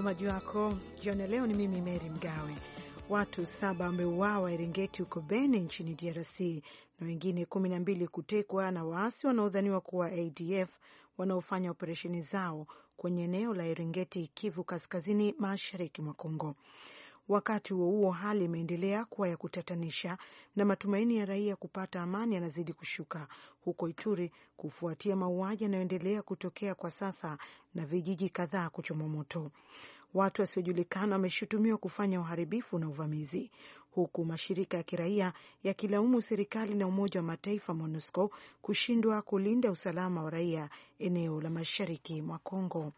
Msomaji wako jioni leo ni mimi Meri Mgawe. Watu saba wameuawa Erengeti huko Beni nchini DRC na wengine kumi na mbili kutekwa na waasi wanaodhaniwa kuwa ADF wanaofanya operesheni zao kwenye eneo la Erengeti, Kivu Kaskazini, mashariki mwa Kongo. Wakati huo huo, hali imeendelea kuwa ya kutatanisha na matumaini ya raia kupata amani yanazidi kushuka huko Ituri kufuatia mauaji yanayoendelea kutokea kwa sasa na vijiji kadhaa kuchoma moto watu wasiojulikana wameshutumiwa kufanya uharibifu na uvamizi, huku mashirika ya kiraia yakilaumu serikali na Umoja wa Mataifa MONUSCO kushindwa kulinda usalama wa raia eneo la mashariki mwa congo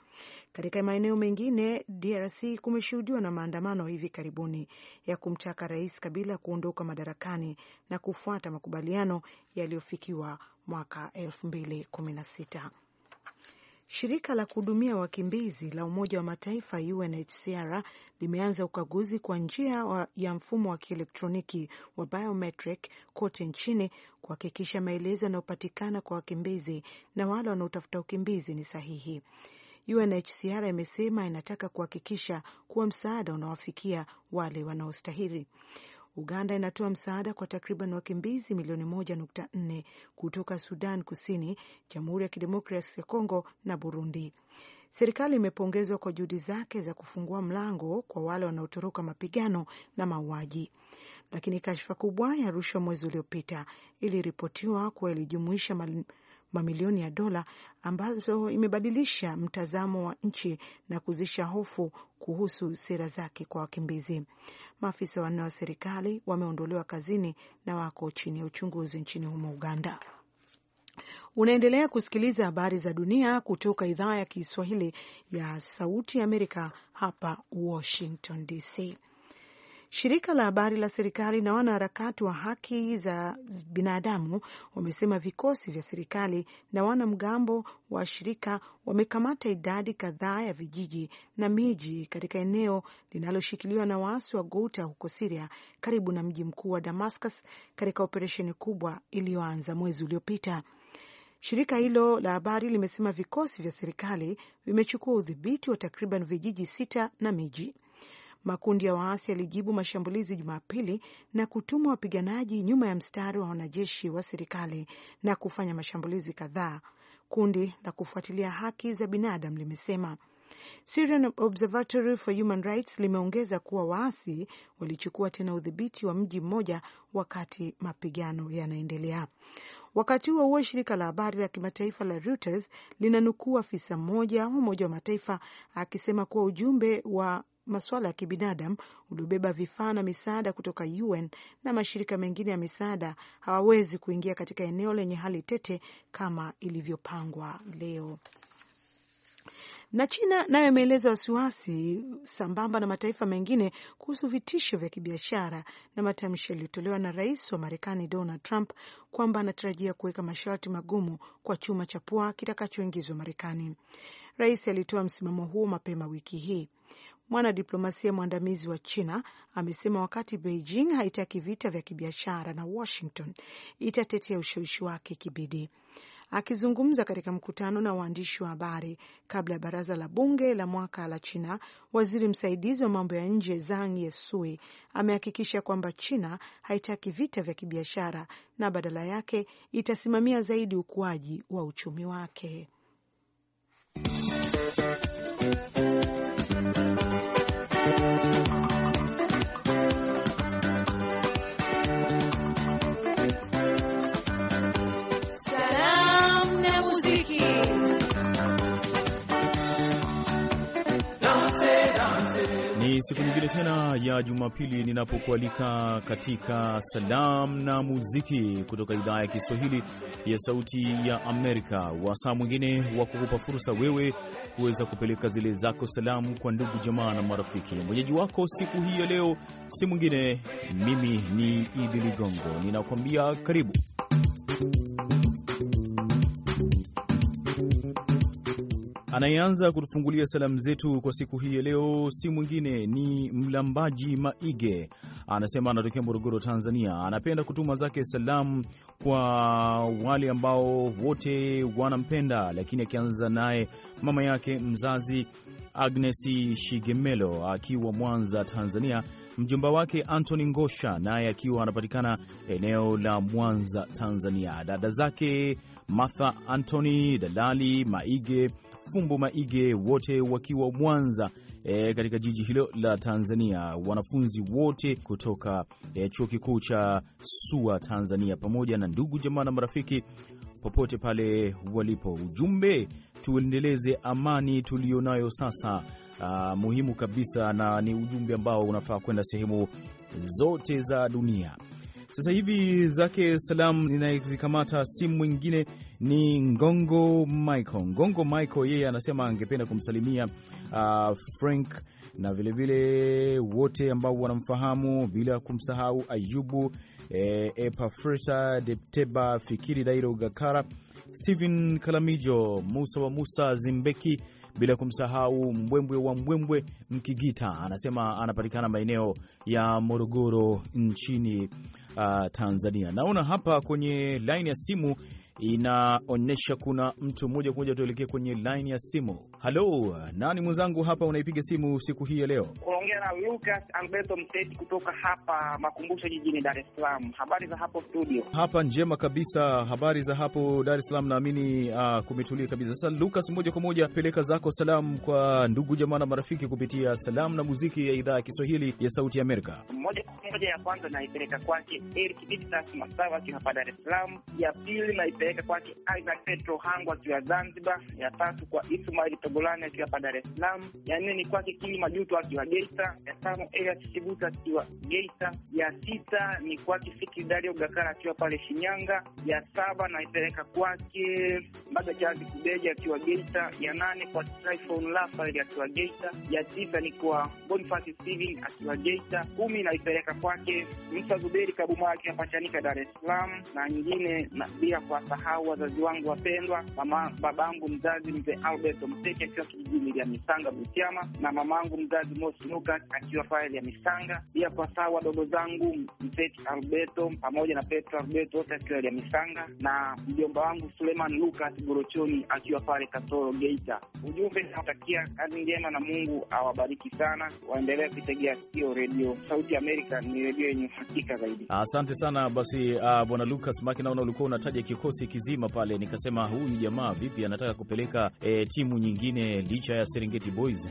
Katika maeneo mengine DRC kumeshuhudiwa na maandamano hivi karibuni ya kumtaka Rais Kabila kuondoka madarakani na kufuata makubaliano yaliyofikiwa mwaka 216 Shirika la kuhudumia wakimbizi la Umoja wa Mataifa UNHCR limeanza ukaguzi kwa njia ya mfumo wa kielektroniki wa biometric kote nchini kuhakikisha maelezo yanayopatikana kwa wakimbizi na wale wanaotafuta ukimbizi ni sahihi. UNHCR imesema inataka kuhakikisha kuwa msaada unawafikia wale wanaostahili. Uganda inatoa msaada kwa takriban wakimbizi milioni moja nukta nne kutoka Sudan Kusini, Jamhuri ya Kidemokrasi ya Kongo na Burundi. Serikali imepongezwa kwa juhudi zake za kufungua mlango kwa wale wanaotoroka mapigano na mauaji, lakini kashfa kubwa ya rushwa mwezi uliopita iliripotiwa kuwa ilijumuisha mamilioni ya dola ambazo imebadilisha mtazamo wa nchi na kuzisha hofu kuhusu sera zake kwa wakimbizi. Maafisa wanne wa serikali wameondolewa kazini na wako chini ya uchunguzi nchini humo Uganda. Unaendelea kusikiliza habari za dunia kutoka idhaa ya Kiswahili ya Sauti ya Amerika hapa Washington DC. Shirika la habari la serikali na wanaharakati wa haki za binadamu wamesema vikosi vya serikali na wanamgambo wa shirika wamekamata idadi kadhaa ya vijiji na miji katika eneo linaloshikiliwa na waasi wa Gouta huko Siria, karibu na mji mkuu wa Damascus, katika operesheni kubwa iliyoanza mwezi uliopita. Shirika hilo la habari limesema vikosi vya serikali vimechukua udhibiti wa takriban vijiji sita na miji. Makundi ya waasi yalijibu mashambulizi Jumapili na kutuma wapiganaji nyuma ya mstari wa wanajeshi wa serikali na kufanya mashambulizi kadhaa. Kundi la kufuatilia haki za binadamu limesema. Syrian Observatory for Human Rights limeongeza kuwa waasi walichukua tena udhibiti wa mji mmoja wakati mapigano yanaendelea. Wakati huo huo, shirika la habari la kimataifa la Reuters linanukuu afisa mmoja wa Umoja wa Mataifa akisema kuwa ujumbe wa masuala ya kibinadamu uliobeba vifaa na misaada kutoka UN na mashirika mengine ya misaada hawawezi kuingia katika eneo lenye hali tete kama ilivyopangwa leo. Na China nayo imeeleza wasiwasi sambamba na mataifa mengine kuhusu vitisho vya kibiashara na matamshi yaliyotolewa na rais wa Marekani Donald Trump kwamba anatarajia kuweka masharti magumu kwa chuma cha pua kitakachoingizwa Marekani. Rais alitoa msimamo huo mapema wiki hii mwanadiplomasia mwandamizi wa China amesema wakati Beijing haitaki vita vya kibiashara na Washington, itatetea ushawishi wake kibidi. Akizungumza katika mkutano na waandishi wa habari kabla ya baraza la bunge la mwaka la China, waziri msaidizi wa mambo ya nje Zhang Yesui amehakikisha kwamba China haitaki vita vya kibiashara na badala yake itasimamia zaidi ukuaji wa uchumi wake. siku nyingine tena ya Jumapili ninapokualika katika salam na muziki kutoka idhaa ya Kiswahili ya Sauti ya Amerika, wasaa mwingine wa kukupa fursa wewe kuweza kupeleka zile zako salamu kwa ndugu jamaa na marafiki. Mwenyeji wako siku hii ya leo si mwingine, mimi ni Idi Ligongo, ninakuambia karibu. Anayeanza kutufungulia salamu zetu kwa siku hii ya leo si mwingine ni Mlambaji Maige, anasema anatokea Morogoro, Tanzania. Anapenda kutuma zake salamu kwa wale ambao wote wanampenda, lakini akianza naye mama yake mzazi Agnes Shigemelo akiwa Mwanza, Tanzania, mjomba wake Anthony Ngosha naye akiwa anapatikana eneo la Mwanza, Tanzania, dada zake Martha Anthony, Dalali Maige Fumbo Maige, wote wakiwa Mwanza e, katika jiji hilo la Tanzania, wanafunzi wote kutoka e, chuo kikuu cha SUA Tanzania, pamoja na ndugu jamaa na marafiki popote pale walipo. Ujumbe, tuendeleze amani tuliyonayo sasa. Uh, muhimu kabisa na ni ujumbe ambao unafaa kwenda sehemu zote za dunia. Sasa hivi zake salam ninayezikamata simu mwingine ni Ngongo Michael. Ngongo Michael yeye anasema angependa kumsalimia uh, Frank na vilevile vile wote ambao wanamfahamu bila kumsahau Ayubu eh, Epafreta Depteba Fikiri Dairo Gakara Stephen Kalamijo Musa wa Musa Zimbeki bila kumsahau Mbwembwe wa Mbwembwe Mkigita, anasema anapatikana maeneo ya Morogoro nchini uh, Tanzania. Naona hapa kwenye laini ya simu inaonyesha kuna mtu moja kwa moja. Tuelekee kwenye line ya simu. Halo, nani mwenzangu hapa unaipiga simu siku hii ya leo? Unaongea na Lucas Alberto Mteti kutoka hapa Makumbusho jijini Dar es Salaam. Habari za hapo studio? Hapa njema kabisa, habari za hapo Dar es Salaam. Naamini uh, kumetulia kabisa. Sasa Lucas, moja kwa moja peleka zako salamu kwa ndugu jamaa na marafiki kupitia salamu na muziki ya idhaa ya Kiswahili ya Sauti ya Amerika. Moja kwa moja, ya kwanza naipeleka kwake Eric Bitas Masawa hapa Dar es Salaam. Ya pili na kupeleka kwake Isaac Petro Hangwa akiwa Zanzibar, ya tatu kwa Ismail Togolani akiwa pa Dar es Salaam, ya nne ni kwake Kili Majuto akiwa Geita, ya tano Elias Kibuta akiwa Geita, ya sita ni kwake Fikri Dario Gakara akiwa pale Shinyanga, ya saba naipeleka kwake Mbaga Chazi Kubeja akiwa Geita, ya nane kwa Tryphon Raphael akiwa Geita, ya tisa ni kwa Boniface Steven akiwa Geita, kumi naipeleka kwake Musa Zuberi Kabuma akiwa Pachanika Dar es Salaam, na nyingine na pia kwa kuwasahau wazazi wangu wapendwa, mama babangu mzazi mzee Albert Omteke akiwa kijijini ya Misanga Butiama, na mamangu mzazi Mosi Lucas akiwa pale ya Misanga, pia kuwasahau wadogo zangu mzee Alberto pamoja na Petro Alberto wote akiwa ya Misanga, na mjomba wangu Suleiman Lukas Gorochoni akiwa pale Katoro Geita. Ujumbe nawatakia kazi njema na Mungu awabariki sana, waendelee kuitegea sikio redio Sauti Amerika, ni redio yenye uhakika zaidi. Asante sana basi, uh, bwana Lukas Makina, naona ulikuwa unataja kikosi kikosi kizima pale, nikasema huyu jamaa vipi anataka kupeleka e, timu nyingine licha ya Serengeti Boys.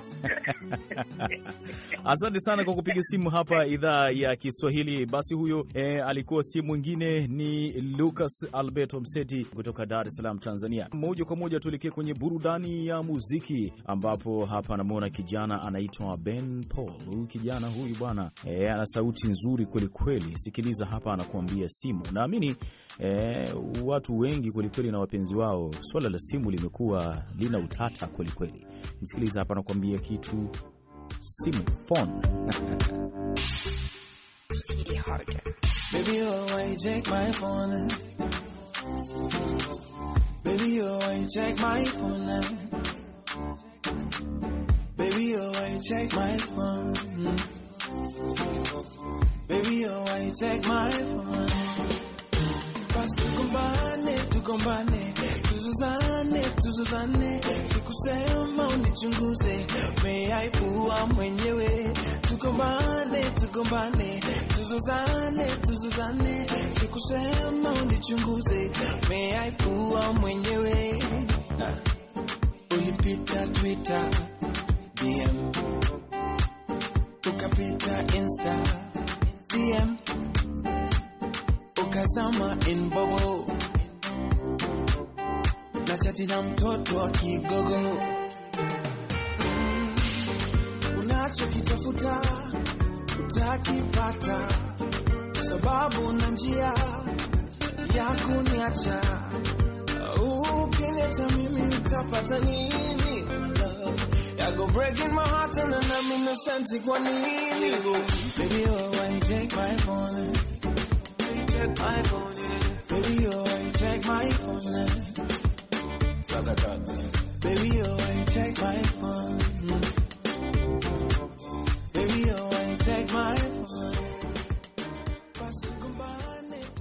Asante sana kwa kupiga simu hapa idhaa ya Kiswahili. Basi huyo e, alikuwa si mwingine ni Lucas Alberto Mseti kutoka Dar es Salaam, Tanzania. Moja kwa moja tuelekee kwenye burudani ya muziki, ambapo hapa anamwona kijana anaitwa Ben Paul. Huyu kijana huyu bwana e, ana sauti nzuri kwelikweli. Sikiliza hapa anakuambia simu, naamini e, watu wengi kwelikweli na wapenzi wao, swala la simu limekuwa lina utata kwelikweli. Msikiliza hapa, nakuambia kitu simu phone tugombane, tugombane, tuzuzane, tuzuzane, sikusema unichunguze, umeaibua mwenyewe. Tugombane, tugombane, tuzuzane, tuzuzane, sikusema unichunguze, umeaibua mwenyewe. Ulipita Twitter, DM, ukapita Instagram Nikazama in bobo, na chati na mtoto wa kigogo. Unacho mm. Unachokitafuta utakipata, sababu na njia ya kuniacha. Ukiniacha mimi utapata nini? I go breaking my heart and I'm innocent kwa nini? Baby, oh, why you take my phone? check my phone, yeah. Baby, check my phone, yeah. Baby, check my phone.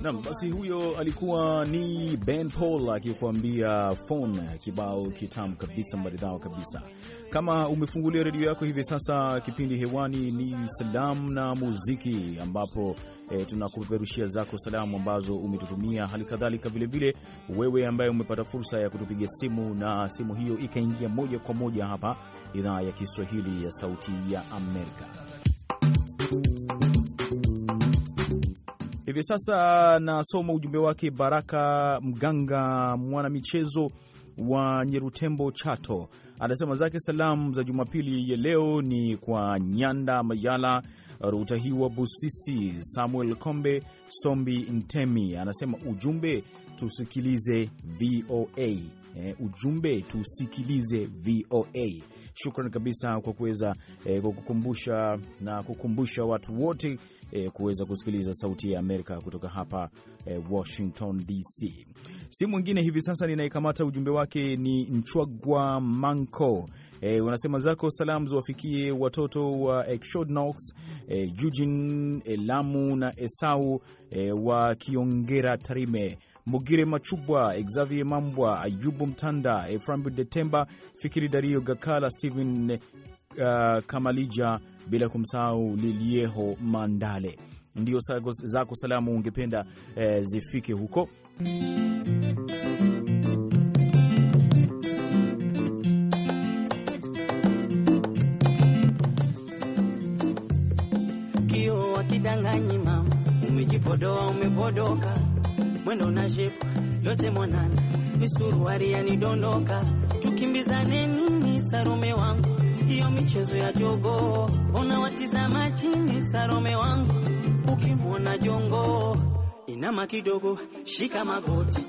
Nam, basi huyo alikuwa ni Ben Paul akikuambia phone, kibao kitamu kabisa, maridhawa kabisa. Kama umefungulia redio yako hivi sasa, kipindi hewani ni salamu na muziki, ambapo e, tunakupeperushia zako salamu ambazo umetutumia. Hali kadhalika vilevile, wewe ambaye umepata fursa ya kutupiga simu na simu hiyo ikaingia moja kwa moja hapa idhaa ya Kiswahili ya Sauti ya Amerika. Hivi sasa nasoma ujumbe wake Baraka Mganga, mwanamichezo wa Nyerutembo, Chato, anasema zake salamu za Jumapili ya leo ni kwa Nyanda Mayala Rutahiwa Busisi, Samuel Kombe, Sombi Ntemi. Anasema ujumbe tusikilize VOA. E, eh, ujumbe tusikilize VOA. Shukran kabisa kwa kuweza e, kwa kukumbusha na kukumbusha watu wote e, kuweza kusikiliza Sauti ya Amerika kutoka hapa e, Washington DC. Si mwingine hivi sasa ninayekamata ujumbe wake ni Nchwagwa Manko. E, unasema zako salamu ziwafikie watoto wa Exodnox, e, eh, Eugene, eh, Elamu na Esau e, wa Kiongera Tarime Mugire Machubwa, Xavier Mambwa, Ayubu Mtanda, Eframbu Detemba, Fikiri Dario Gakala, Stephen uh, Kamalija, bila kumsahau Lilieho Mandale. Ndio zako salamu ungependa eh, zifike huko nimechodoka, mwendo na jepu yote mwanana, misuruari yanidondoka, tukimbizane nini sarume wangu, hiyo michezo ya jogo ona watizama chini sarume wangu, ukimwona jongo inama kidogo, shika magoti,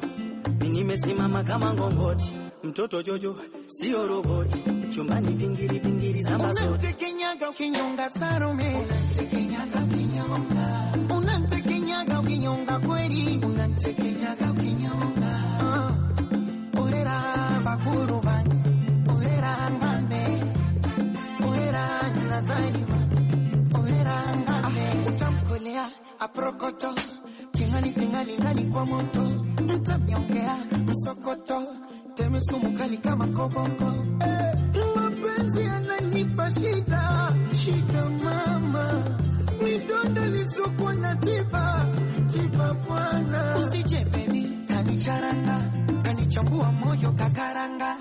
nimesimama kama ngongoti, mtoto jojo sio roboti, chumbani pingiri pingiri za mazoti Ah, aprokoto tingali tingali ndani kwa moto mtamiongea msokoto temesumu kali kama kobongo eh, mapenzi yananipa shida shida mama midondo lisokuwa na tiba Kibabwana. Usije baby, kanicharanga, kanichambua moyo kakaranga.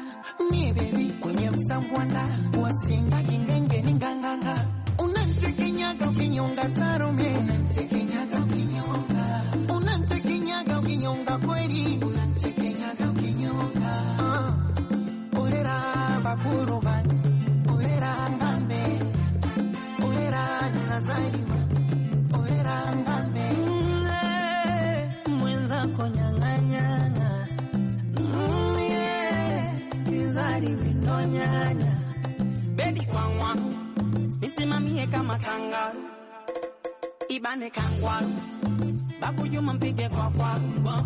Ni baby kwenye msambwana, wasinga kingenge ninganganga. Unanichekenyaga ukinyonga sarume, unanichekenyaga n'onye anya bebikwa nwa isimam ihe kama ka ngarụ ịbanị ka ngwarụ babuju mampige kwa kwaru kwa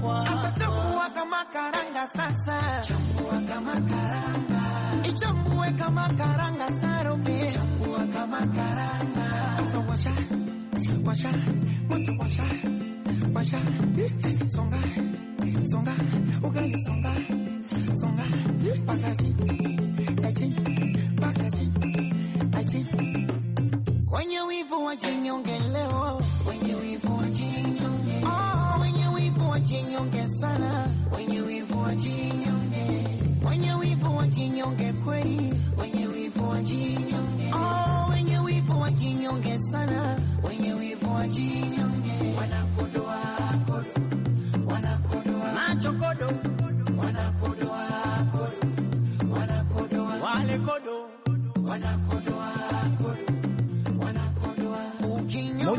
kwa atachambua kama karanga sasa chambua kama karanga ichambue kama karanga sarume chambua kama karanga sasa washa washa washa maisha songa songa ugali songa songa pakazi When you achi kwenye wivu wa jinyonge leo kwenye when you jinyonge oh kwenye wivu wa jinyonge sana When you kwenye wivu wa jinyonge kwenye wivu wa jinyonge kweli kwenye wivu wa jinyonge oh When you wenye wivu wa jinyonge sana When you wenye wivu wa jinyonge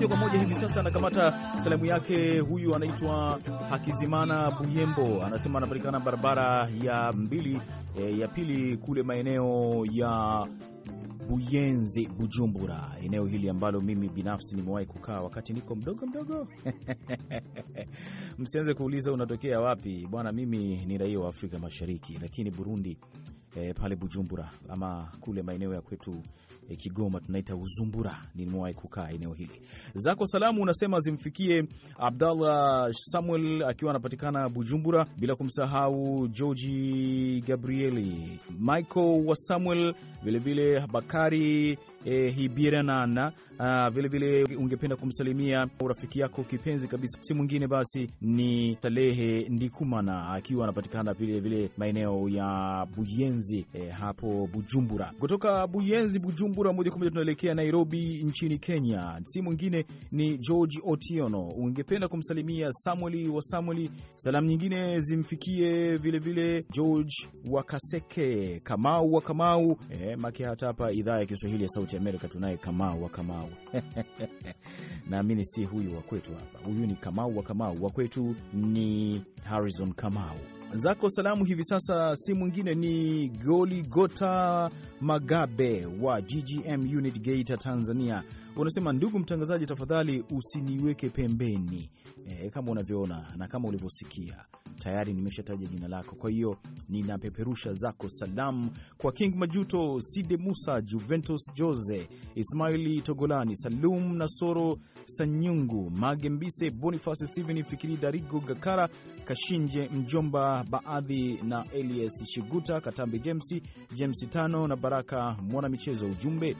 moja kwa moja hivi sasa anakamata salamu yake. Huyu anaitwa Hakizimana Buyembo, anasema anapatikana barabara ya mbili e, ya pili kule maeneo ya Buyenzi, Bujumbura, eneo hili ambalo mimi binafsi nimewahi kukaa wakati niko mdogo mdogo. Msianze kuuliza unatokea wapi bwana, mimi ni raia wa Afrika Mashariki, lakini Burundi e, pale Bujumbura ama kule maeneo ya kwetu Kigoma tunaita Uzumbura. Nimewahi kukaa eneo hili. Zako salamu unasema zimfikie Abdallah Samuel akiwa anapatikana Bujumbura, bila kumsahau Georgi Gabrieli, Michael wa Samuel, vilevile Bakari e, eh, Hibiranana. Ah, vilevile ungependa kumsalimia rafiki yako kipenzi kabisa, si mwingine basi ni Salehe Ndikumana akiwa anapatikana vilevile maeneo ya Buyenzi e, eh, hapo Bujumbura. Kutoka Buyenzi Bujumbura moja kwa moja tunaelekea Nairobi nchini Kenya, si mwingine ni George Otiono. Ungependa kumsalimia Samueli wa Samueli. Salamu nyingine zimfikie vilevile vile George Wakaseke Kamau wa Kamau e, make hata hapa idhaa ya Kiswahili ya Sauti Sauti Amerika tunaye Kamau wa Kamau naamini si huyu wa kwetu hapa, huyu ni Kamau wa Kamau, wa kwetu ni Harrison Kamau. Zako salamu hivi sasa si mwingine ni Goligota Magabe wa GGM Unit Geita, Tanzania. Unasema, ndugu mtangazaji, tafadhali usiniweke pembeni. E, kama unavyoona na kama ulivyosikia tayari nimeshataja jina lako. Kwa hiyo ninapeperusha zako salamu kwa King Majuto, Side Musa, Juventus Jose, Ismaili Togolani, Salum Nasoro, Sanyungu Magembise, Boniface Steven, Fikiri Darigo, Gakara Kashinje, Mjomba Baadhi na Elias Shiguta, katambi James, James Tano na Baraka Mwana Michezo. Ujumbe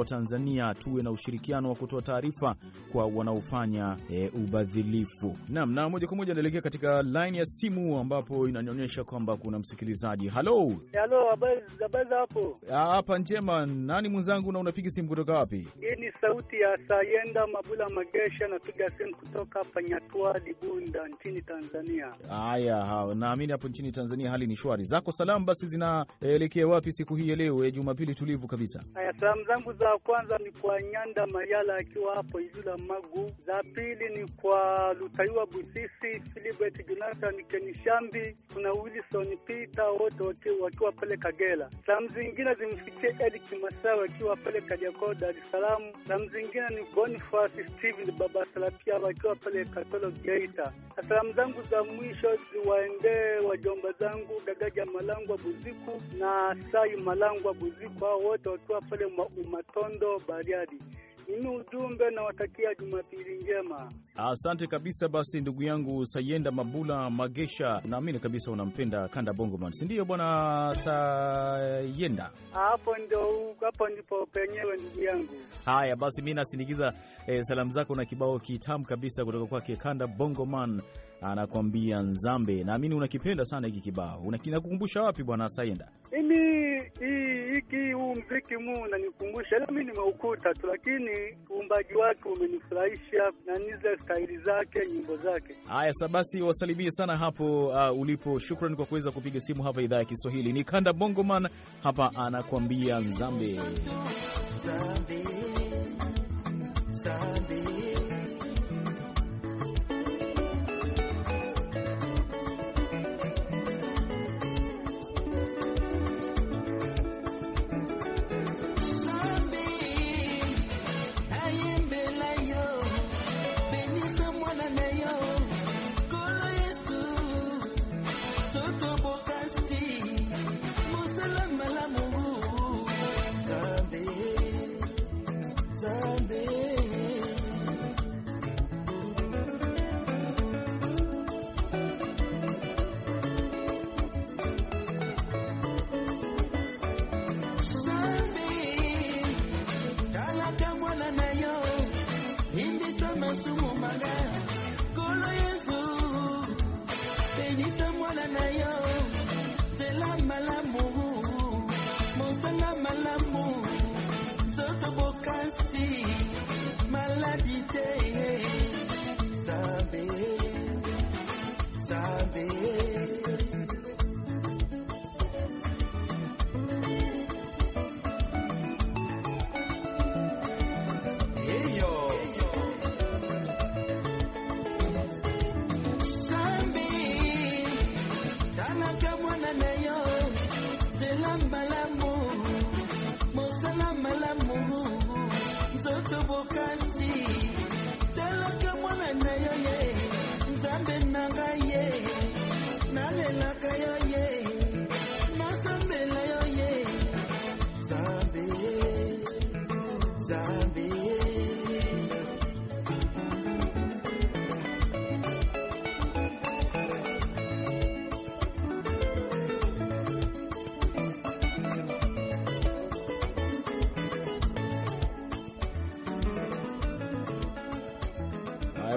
Tanzania tuwe na ushirikiano wa kutoa taarifa kwa wanaofanya e, ubadhilifu. Naam, na moja kwa moja naelekea katika line ya simu ambapo inanionyesha kwamba kuna msikilizaji. Halo, halo, habari za hapo? Hapa njema. Nani mwenzangu, na unapiga simu kutoka wapi? Hii ni sauti ya Sayenda Mabula Magesha, napiga simu kutoka hapa Nyatwa Libunda nchini Tanzania. Haya, naamini hapo nchini Tanzania hali ni shwari. Zako salamu basi zinaelekea wapi siku hii ya leo ya e, Jumapili tulivu kabisa? Haya, salamu zangu za kwanza ni kwa Nyanda Mayala akiwa hapo Ijula Magu. Za pili ni kwa Lutaiwa Busisi, Filibert Jonathan Kenishambi, kuna Wilson Peter, wote wakiwa pale Kagera. Salamu zingine zimfikie Eric Masawa akiwa pale Kajako, Dar es Salaam. Salamu zingine ni Boniface Steven Baba Salapia wakiwa pale Katolo, Geita. Salamu zangu za mwisho ziwaendee wajomba zangu Gagaja Malangwa Buziku na Sai Malangwa Buziku, hao wote wakiwa pale Umatana Kondo, Bariadi. Mimi ujumbe nawatakia Jumapili njema. Asante kabisa. Basi ndugu yangu Sayenda Mabula Magesha, naamini kabisa unampenda Kanda Bongoman, si ndio bwana Sayenda? Hapo ndio, hapo ndipo penyewe ndugu yangu. Haya basi, mi nasindikiza e, salamu zako na kibao kitamu kabisa kutoka kwake Kanda Bongoman anakwambia Nzambe. Naamini unakipenda sana hiki kibao. unakinakukumbusha wapi bwana Saenda? Mimi hiki huu mziki mu unanikumbusha, ila mi nimeukuta tu, lakini uumbaji wake umenifurahisha na nizile staili zake, nyimbo zake. Haya, sa basi wasalimie sana hapo uh, ulipo. Shukran kwa kuweza kupiga simu hapa idhaa ya Kiswahili. Ni Kanda Bongoman hapa anakwambia Nzambe, Nzambe. Akamwana na yo. Nimbi sama sumu magana.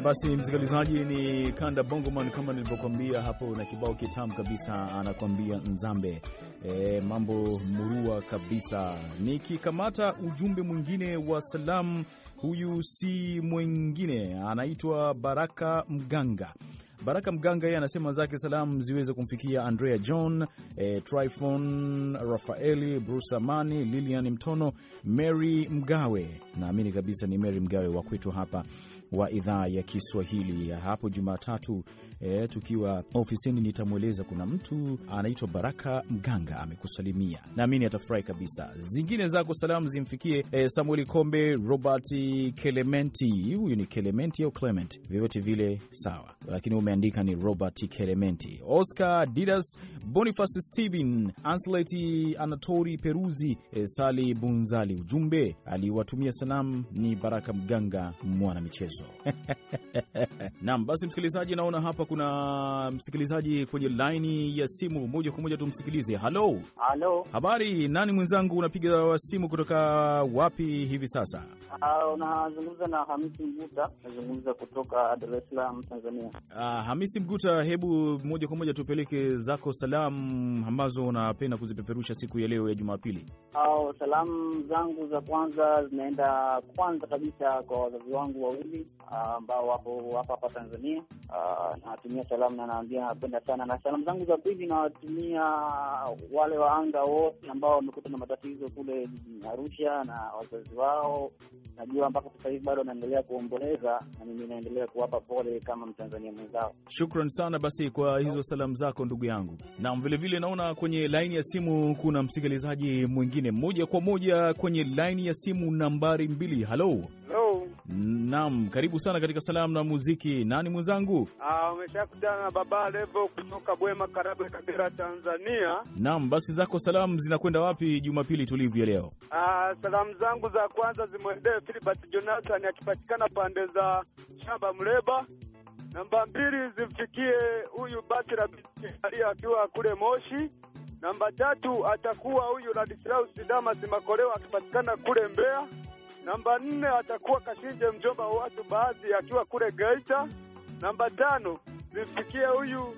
basi msikilizaji, ni Kanda Bongoman kama nilivyokuambia hapo, na kibao kitamu kabisa anakuambia Nzambe. E, mambo murua kabisa. Nikikamata ujumbe mwingine wa salamu, huyu si mwingine, anaitwa Baraka Mganga. Baraka Mganga yeye anasema zake salamu ziweze kumfikia Andrea John, e, Tryphon Rafaeli, Bruce Amani, Lilian Mtono, Mary Mgawe, naamini kabisa ni Mary Mgawe wa kwetu hapa wa idhaa ya Kiswahili hapo Jumatatu e, tukiwa ofisini nitamweleza kuna mtu anaitwa Baraka Mganga amekusalimia, naamini atafurahi kabisa. Zingine zako salamu zimfikie e, Samueli Kombe, Robert Kelementi, huyu ni Kelementi au Clement, vyovyote vile sawa, lakini umeandika ni Robert Kelementi, Oscar Didas, Boniface Steven, Ansleti Anatori Peruzi, e, Sali Bunzali. Ujumbe aliwatumia salamu ni Baraka Mganga, mwana michezo. Naam, basi msikilizaji, naona hapa hapa kuna msikilizaji kwenye laini ya simu, moja kwa moja tumsikilize. Halo, halo, habari? Nani mwenzangu, unapiga wa simu kutoka wapi hivi sasa? Uh, unazungumza na Hamisi Mguta. Nazungumza kutoka Dar es Salaam, Tanzania. Uh, Hamisi Mguta, hebu moja kwa moja tupeleke zako salamu ambazo unapenda kuzipeperusha siku ya leo ya Jumapili. Uh, salamu zangu za kwanza zinaenda kwanza kabisa kwa wazazi wangu wawili ah, ambao uh, wapo hapa hapa Tanzania uh, na nawatumia salamu na naambia napenda sana, na salamu zangu za pili nawatumia wale waanga wote ambao wamekuta na matatizo kule Arusha na wazazi wao. Najua mpaka sasa hivi bado wanaendelea kuomboleza, na mimi naendelea kuwapa pole kama Mtanzania mwenzao. Shukran sana basi kwa hizo salamu zako ndugu yangu. Naam, vilevile naona kwenye laini ya simu kuna msikilizaji mwingine, moja kwa moja kwenye laini ya simu nambari mbili. Halo, halo. Naam, karibu sana katika salamu na muziki. Nani mwenzangu? Ah, umeshakutana na Baba Levo kutoka Bwema Karagwe, Kagera, Tanzania. Naam, basi zako salamu zinakwenda wapi Jumapili tulivu ya leo? Ah, salamu zangu za kwanza zimwendee Filibert Jonathan akipatikana pande za shamba Mleba. Namba mbili zimfikie huyu Batra Biaria akiwa kule Moshi. Namba tatu atakuwa huyu Ladislaus Damas Makoleo akipatikana kule Mbeya. Namba nne atakuwa Kashinje, mjomba wa watu baadhi, akiwa kule Geita. Namba tano zimfikie huyu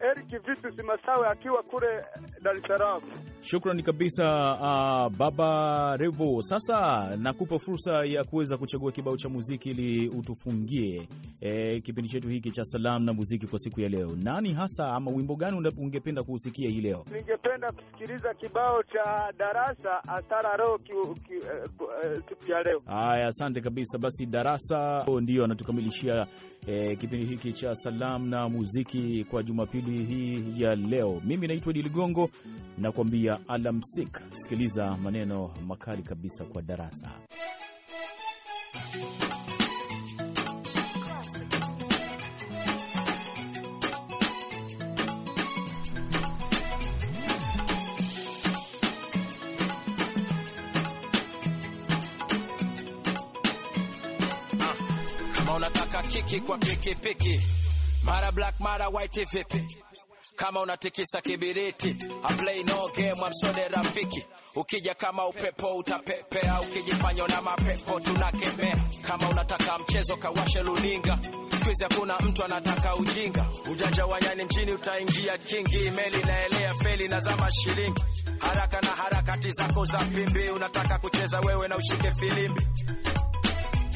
Eric Vitus Masawe akiwa kule Dar es Salaam. Shukrani kabisa uh, Baba Revo. Sasa nakupa fursa ya kuweza kuchagua kibao cha muziki ili utufungie e, kipindi chetu hiki cha salamu na muziki kwa siku ya leo. Nani hasa ama wimbo gani ungependa kuusikia hii leo? Ningependa kusikiliza kibao cha Darasa Asara Roho eh, eh, siku ya leo. Haya, asante kabisa. Basi Darasa ndiyo anatukamilishia e, kipindi hiki cha salamu na muziki kwa Jumapili hii ya leo. Mimi naitwa Diligongo, Ligongo nakwambia alamsik. Sikiliza maneno makali kabisa kwa darasa. Ah, unataka kiki kwa pikipiki, mara black mara white vipi? kama unatikisa kibiriti. I play no game, I'm rafiki ukija kama upepo utapepea, ukijifanya na mapepo tunakemea. Kama unataka mchezo kawashe luninga, siku hakuna mtu anataka ujinga. Ujanja wa nyani mjini utaingia kingi, meli naelea feli na zama shilingi, haraka na harakati zako za pimbi. Unataka kucheza wewe na ushike filimbi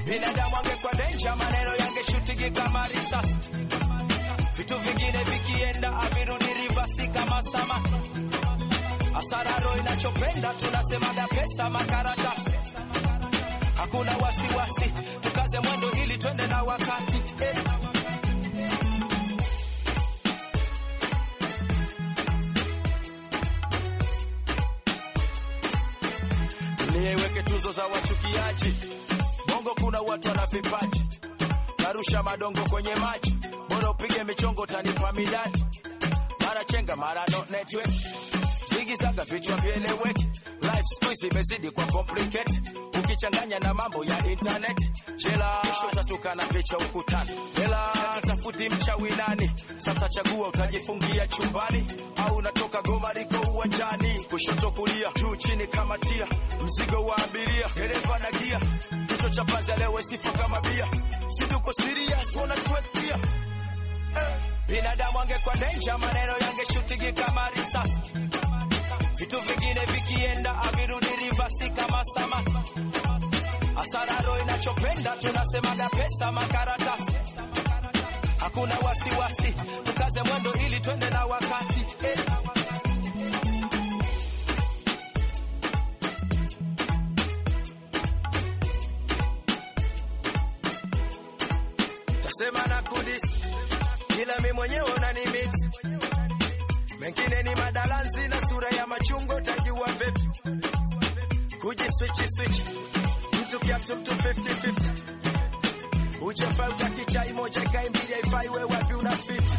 binadamu ange denja, maneno yangeshutiki kama risasi vitu vingine vikienda avirudi rivasi kama sama asararo inachopenda tunasemaga pesa makaratasi, hakuna wasiwasi, tukaze mwendo ili twende na wakati eh. Niweke tuzo za wachukiaji bongo, kuna watu wana vipaji, narusha madongo kwenye maji bora pige michongo tanipa midani mara chenga mara no network zigizaga vichwa vieleweki life squeeze imezidi kwa complicate ukichanganya na mambo ya internet jela tatuka na picha ukutani jela tafuti mchawi nani sasa chagua utajifungia chumbani au unatoka goma liko uwanjani kushoto kulia juu chini kama tia mzigo wa abiria dereva na gia kichwa cha pazi leo kama bia situko serious wanatuetia binadamu angekuwa danger, maneno yangeshutiki kama risasi, vitu vingine vikienda avirudi rivasi kama samaki. Asararo inachopenda tunasemaga pesa makaratasi, hakuna wasiwasi, tukaze mwendo ili twende na wakati eh. ila mimi mwenyewe unani mix, mengine ni madalanzi na sura ya machungo, tajua vipi kuji switch switch, mtu kia mtu mtu 50 50 ujefa utakichai moja kai mbili haifai, wewe wapi unafiti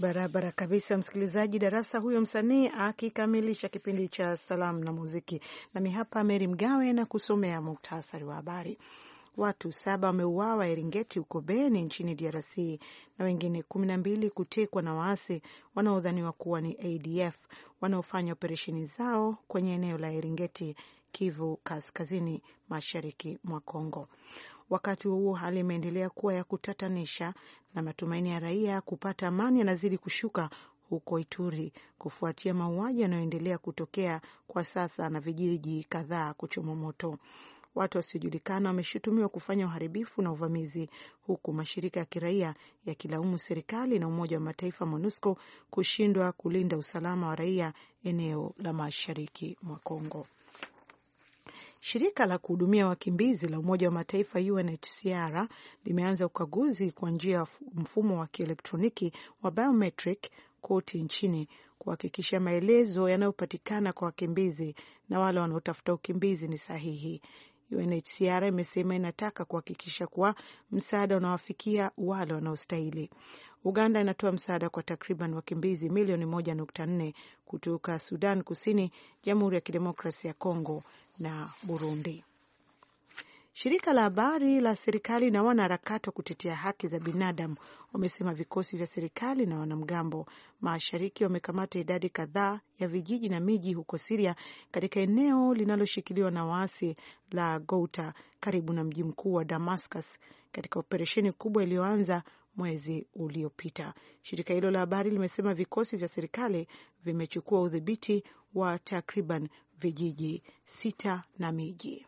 Barabara kabisa, msikilizaji. Darasa huyo msanii akikamilisha kipindi cha salamu na muziki. Nami hapa Meri Mgawe na kusomea muktasari wa habari. Watu saba wameuawa Eringeti huko Beni nchini DRC na wengine kumi na mbili kutekwa na waasi wanaodhaniwa kuwa ni ADF wanaofanya operesheni zao kwenye eneo la Eringeti, Kivu Kaskazini, mashariki mwa congo Wakati huo hali imeendelea kuwa ya kutatanisha na matumaini ya raia kupata amani yanazidi kushuka huko Ituri kufuatia mauaji yanayoendelea kutokea kwa sasa na vijiji kadhaa kuchoma moto. Watu wasiojulikana wameshutumiwa kufanya uharibifu na uvamizi, huku mashirika ya kiraia yakilaumu serikali na Umoja wa Mataifa MONUSCO kushindwa kulinda usalama wa raia eneo la mashariki mwa Kongo. Shirika la kuhudumia wakimbizi la Umoja wa Mataifa UNHCR limeanza ukaguzi kwa njia ya mfumo wa kielektroniki wa biometric kote nchini kuhakikisha maelezo yanayopatikana kwa wakimbizi na wale wanaotafuta ukimbizi ni sahihi. UNHCR imesema inataka kuhakikisha kuwa msaada unawafikia wale wanaostahili. Uganda inatoa msaada kwa takriban wakimbizi milioni moja nukta nne kutoka Sudan Kusini, Jamhuri ya Kidemokrasia ya Kongo na Burundi. Shirika la habari la serikali na wanaharakati wa kutetea haki za binadamu wamesema vikosi vya serikali na wanamgambo mashariki wamekamata idadi kadhaa ya vijiji na miji huko Siria, katika eneo linaloshikiliwa na waasi la Gouta karibu na mji mkuu wa Damascus, katika operesheni kubwa iliyoanza mwezi uliopita. Shirika hilo la habari limesema vikosi vya serikali vimechukua udhibiti wa takriban vijiji sita na miji